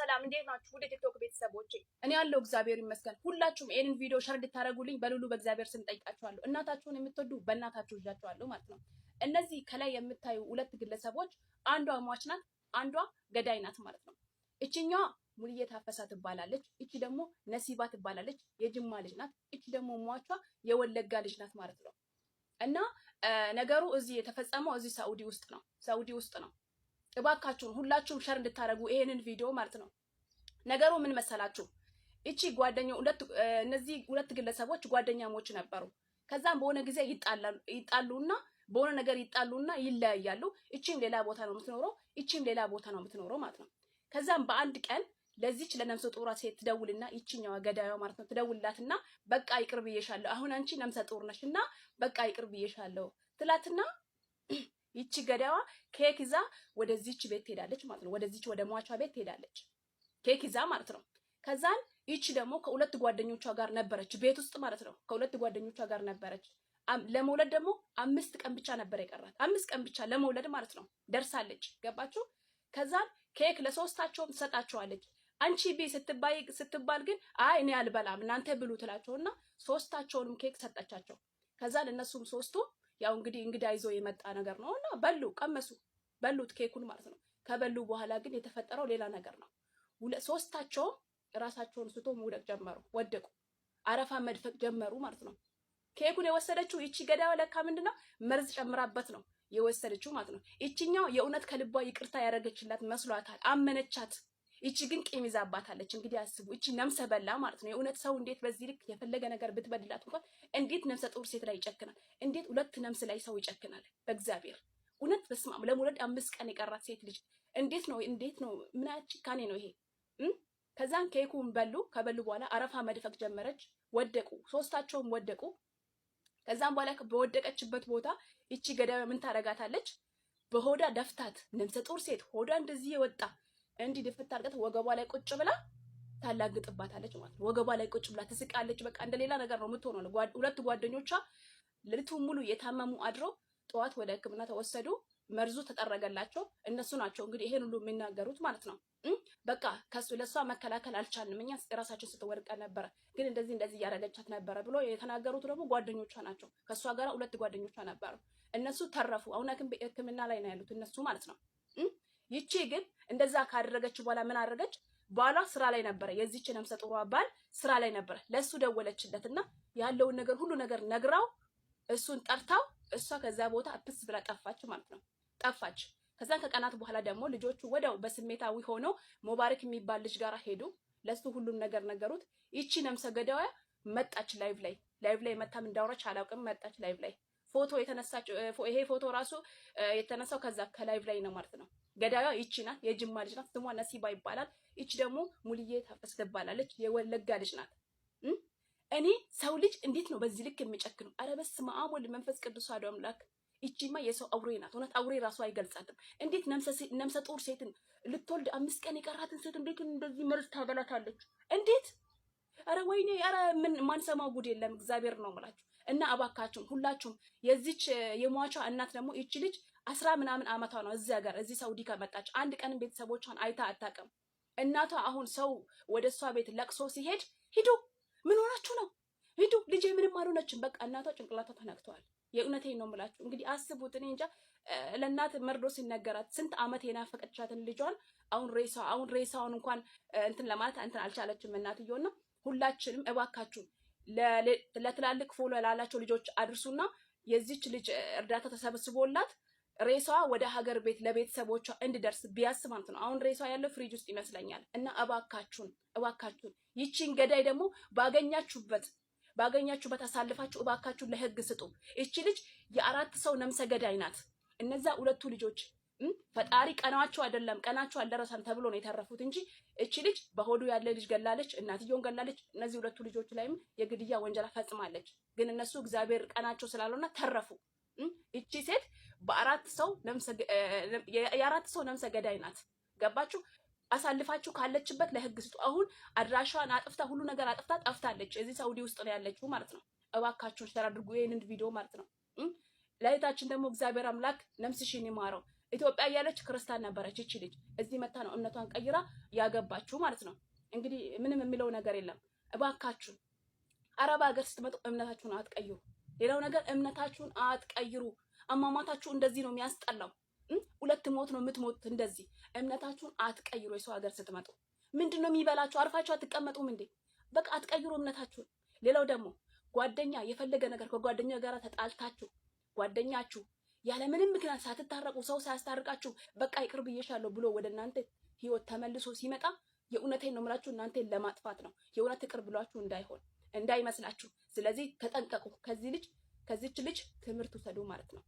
ሰላም እንዴት ናችሁ? ወደ ቲክቶክ ቤተሰቦቼ እኔ ያለው እግዚአብሔር ይመስገን። ሁላችሁም ይህንን ቪዲዮ ሸር እንድታደረጉልኝ በሉሉ በእግዚአብሔር ስም ጠይቃችኋለሁ። እናታችሁን የምትወዱ በእናታችሁ እጃችኋለሁ ማለት ነው። እነዚህ ከላይ የምታዩ ሁለት ግለሰቦች አንዷ ሟች ናት፣ አንዷ ገዳይ ናት ማለት ነው። እችኛዋ ሙልዬ ታፈሳ ትባላለች። እቺ ደግሞ ነሲባ ትባላለች፣ የጅማ ልጅ ናት። እቺ ደግሞ ሟቿ የወለጋ ልጅ ናት ማለት ነው። እና ነገሩ እዚህ የተፈጸመው እዚህ ሳኡዲ ውስጥ ነው። ሳኡዲ ውስጥ ነው እባካችሁን ሁላችሁም ሸር እንድታደርጉ ይሄንን ቪዲዮ ማለት ነው። ነገሩ ምን መሰላችሁ? እቺ ጓደኛ ሁለት እነዚህ ሁለት ግለሰቦች ጓደኛሞች ነበሩ። ከዛም በሆነ ጊዜ ይጣሉና በሆነ ነገር ይጣሉና ይለያያሉ። እቺም ሌላ ቦታ ነው የምትኖረው፣ እቺም ሌላ ቦታ ነው የምትኖረው ማለት ነው። ከዛም በአንድ ቀን ለዚች ለነፍሰ ጡሯ ሴት ትደውልና ይችኛዋ ገዳዩ ማለት ነው ትደውልላትና በቃ ይቅር ብዬሻለሁ፣ አሁን አንቺ ነፍሰ ጡር ነሽ እና በቃ ይቅር ብዬሻለሁ ትላትና ይቺ ገዳዋ ኬክ ይዛ ወደዚች ቤት ትሄዳለች ማለት ነው። ወደዚች ወደ ሟቿ ቤት ትሄዳለች ኬክ ይዛ ማለት ነው። ከዛን ይቺ ደግሞ ከሁለት ጓደኞቿ ጋር ነበረች ቤት ውስጥ ማለት ነው። ከሁለት ጓደኞቿ ጋር ነበረች። ለመውለድ ደግሞ አምስት ቀን ብቻ ነበር የቀራት፣ አምስት ቀን ብቻ ለመውለድ ማለት ነው። ደርሳለች። ገባችሁ? ከዛን ኬክ ለሶስታቸውም ትሰጣቸዋለች። አንቺ ቢ ስትባል ግን አይ እኔ አልበላም እናንተ ብሉ ትላቸውና ሶስታቸውንም ኬክ ሰጠቻቸው። ከዛን እነሱም ሶስቱም ያው እንግዲህ እንግዳ ይዞ የመጣ ነገር ነው እና በሉ ቀመሱ፣ በሉት ኬኩን ማለት ነው። ከበሉ በኋላ ግን የተፈጠረው ሌላ ነገር ነው። ሶስታቸውም ራሳቸውን ስቶ መውደቅ ጀመሩ፣ ወደቁ፣ አረፋ መድፈቅ ጀመሩ ማለት ነው። ኬኩን የወሰደችው ይቺ ገዳ ለካ ምንድነው መርዝ ጨምራበት ነው የወሰደችው ማለት ነው። ይቺኛው የእውነት ከልቧ ይቅርታ ያደረገችላት መስሏታል፣ አመነቻት። ይቺ ግን ቂም ይዛባታለች። እንግዲህ አስቡ፣ ይቺ ነፍሰ በላ ማለት ነው። የእውነት ሰው እንዴት በዚህ ልክ የፈለገ ነገር ብትበድላት እንኳን እንዴት ነፍሰ ጡር ሴት ላይ ይጨክናል? እንዴት ሁለት ነፍስ ላይ ሰው ይጨክናል? በእግዚአብሔር እውነት በስማም ለመውለድ አምስት ቀን የቀራት ሴት ልጅ እንዴት ነው እንዴት ነው? ምን አይነት ጭካኔ ነው ይሄ? ከዛን ኬኩን በሉ። ከበሉ በኋላ አረፋ መድፈቅ ጀመረች። ወደቁ፣ ሶስታቸውም ወደቁ። ከዛም በኋላ በወደቀችበት ቦታ ይቺ ገዳይ ምን ታረጋታለች? በሆዳ ደፍታት ነፍሰ ጡር ሴት ሆዳ እንደዚህ የወጣ እንዲህ ድፍት አድርገት ወገቧ ላይ ቁጭ ብላ ታላግጥባታለች ማለት ነው። ወገቧ ላይ ቁጭ ብላ ትስቃለች። በቃ እንደሌላ ነገር ነው የምትሆነው። ሁለት ጓደኞቿ ሌሊቱን ሙሉ የታመሙ አድረው ጠዋት ወደ ሕክምና ተወሰዱ። መርዙ ተጠረገላቸው። እነሱ ናቸው እንግዲህ ይሄን ሁሉ የሚናገሩት ማለት ነው። በቃ ከሱ ለእሷ መከላከል አልቻልንም እኛ ራሳችን ስትወድቀ ነበረ፣ ግን እንደዚህ እንደዚህ እያደረገቻት ነበረ ብሎ የተናገሩት ደግሞ ጓደኞቿ ናቸው። ከእሷ ጋር ሁለት ጓደኞቿ ነበሩ። እነሱ ተረፉ። አሁን ሕክምና ላይ ነው ያሉት እነሱ ማለት ነው። ይቺ ግን እንደዛ ካደረገች በኋላ ምን አደረገች? ባሏ ስራ ላይ ነበረ። የዚች ነፍሰ ጡሯ ባል ስራ ላይ ነበረ። ለእሱ ደወለችለትና ያለውን ነገር ሁሉ ነገር ነግራው እሱን ጠርታው እሷ ከዛ ቦታ አፕስ ብላ ጠፋች ማለት ነው። ጠፋች። ከዛ ከቀናት በኋላ ደግሞ ልጆቹ ወደው በስሜታዊ ሆነው ሞባረክ የሚባል ልጅ ጋር ሄዱ። ለሱ ሁሉም ነገር ነገሩት። ይቺ ነፍሰ ገዳዋ መጣች። ላይቭ ላይ ላይቭ ላይ መታም እንዳወራች አላውቅም። መጣች ላይቭ ላይ ፎቶ የተነሳችው ይሄ ፎቶ ራሱ የተነሳው ከዛ ከላይቭ ላይ ነው ማለት ነው። ገዳዩ ይቺ ናት፣ የጅማ ልጅ ናት። ስሟ ነሲባ ይባላል። ይቺ ደግሞ ሙልዬ ታፈስ ትባላለች፣ የወለጋ ልጅ ናት። እኔ ሰው ልጅ እንዴት ነው በዚህ ልክ የሚጨክነው? አረ በስመ አብ ወልድ መንፈስ ቅዱስ አሐዱ አምላክ። ይቺማ የሰው አውሬ ናት። እውነት አውሬ ራሱ አይገልጻትም። እንዴት ነፍሰ ጡር ሴትን ልትወልድ አምስት ቀን የቀራትን ሴት እንዴት እንደዚህ መርዝ ታበላታለች? እንዴት! አረ ወይኔ! ኧረ ምን ማንሰማው ጉድ የለም። እግዚአብሔር ነው የምላችሁ እና እባካችሁም ሁላችሁም የዚች የሟቿ እናት ደግሞ ይቺ ልጅ አስራ ምናምን አመቷ ነው እዚህ ሀገር እዚህ ሳውዲ ከመጣች አንድ ቀንም ቤተሰቦቿን አይታ አታውቅም። እናቷ አሁን ሰው ወደ እሷ ቤት ለቅሶ ሲሄድ ሂዱ፣ ምን ሆናችሁ ነው? ሂዱ፣ ልጄ ምንም አልሆነችም። በቃ እናቷ ጭንቅላቷ ተነክተዋል። የእውነቴን ነው የምላችሁ። እንግዲህ አስቡት። እኔ እንጃ ለእናት መርዶ ሲነገራት ስንት አመት የናፈቀቻትን ልጇን አሁን ሬሳ አሁን ሬሳውን እንኳን እንትን ለማለት እንትን አልቻለችም እናትየውና ሁላችንም እባካችሁም ለትላልቅ ፎሎ ላላቸው ልጆች አድርሱና የዚች ልጅ እርዳታ ተሰብስቦላት ሬሷ ወደ ሀገር ቤት ለቤተሰቦቿ እንድደርስ ቢያስ ማለት ነው። አሁን ሬሷ ያለው ፍሪጅ ውስጥ ይመስለኛል። እና እባካችሁን እባካችሁን ይቺን ገዳይ ደግሞ ባገኛችሁበት ባገኛችሁበት አሳልፋችሁ እባካችሁን ለህግ ስጡ። ይቺ ልጅ የአራት ሰው ነምሰ ገዳይ ናት። እነዛ ሁለቱ ልጆች ፈጣሪ ቀናቸው አይደለም ቀናቸው አልደረሰም ተብሎ ነው የተረፉት እንጂ እቺ ልጅ በሆዱ ያለ ልጅ ገላለች፣ እናትየውን ገላለች። እነዚህ ሁለቱ ልጆች ላይም የግድያ ወንጀላ ፈጽማለች። ግን እነሱ እግዚአብሔር ቀናቸው ስላለውና ተረፉ። እቺ ሴት በአራት ሰው የአራት ሰው ነፍሰ ገዳይ ናት። ገባችሁ? አሳልፋችሁ ካለችበት ለህግ ስጡ። አሁን አድራሻዋን አጥፍታ ሁሉ ነገር አጥፍታ ጠፍታለች። እዚህ ሳውዲ ውስጥ ነው ያለችው ማለት ነው። እባካችሁን ተራድርጉ ይህንን ቪዲዮ ማለት ነው። ለእህታችን ደግሞ እግዚአብሔር አምላክ ነፍስሽን ይማረው። ኢትዮጵያ እያለች ክርስታን ነበረች እቺ ልጅ። እዚህ መታ ነው እምነቷን ቀይራ ያገባችሁ ማለት ነው። እንግዲህ ምንም የሚለው ነገር የለም። እባካችሁ አረብ ሀገር ስትመጡ እምነታችሁን አትቀይሩ። ሌላው ነገር እምነታችሁን አትቀይሩ። አሟሟታችሁ እንደዚህ ነው የሚያስጠላው። ሁለት ሞት ነው የምትሞቱት። እንደዚህ እምነታችሁን አትቀይሩ። የሰው ሀገር ስትመጡ ምንድን ነው የሚበላችሁ? አርፋችሁ አትቀመጡም እንዴ? በቃ አትቀይሩ እምነታችሁን። ሌላው ደግሞ ጓደኛ የፈለገ ነገር ከጓደኛ ጋር ተጣልታችሁ ጓደኛችሁ ያለምንም ምክንያት ሳትታረቁ ሰው ሳያስታርቃችሁ በቃ ይቅር ብዬሻለሁ ብሎ ወደ እናንተ ህይወት ተመልሶ ሲመጣ የእውነቴን ነው የምላችሁ፣ እናንተን ለማጥፋት ነው። የእውነት ይቅር ብሏችሁ እንዳይሆን እንዳይመስላችሁ። ስለዚህ ተጠንቀቁ። ከዚህ ልጅ ከዚች ልጅ ትምህርት ውሰዱ ማለት ነው።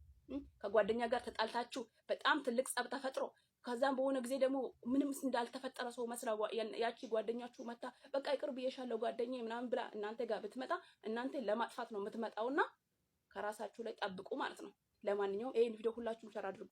ከጓደኛ ጋር ተጣልታችሁ በጣም ትልቅ ጸብ ተፈጥሮ ከዛም በሆነ ጊዜ ደግሞ ምንም እንዳልተፈጠረ ሰው መስላ ያቺ ጓደኛችሁ መታ በቃ ይቅር ብዬሻለሁ ጓደኛ ምናምን ብላ እናንተ ጋር ብትመጣ እናንተ ለማጥፋት ነው የምትመጣውና ከራሳችሁ ላይ ጠብቁ ማለት ነው። ለማንኛውም ይህን ቪዲዮ ሁላችሁም ሸር አድርጉ።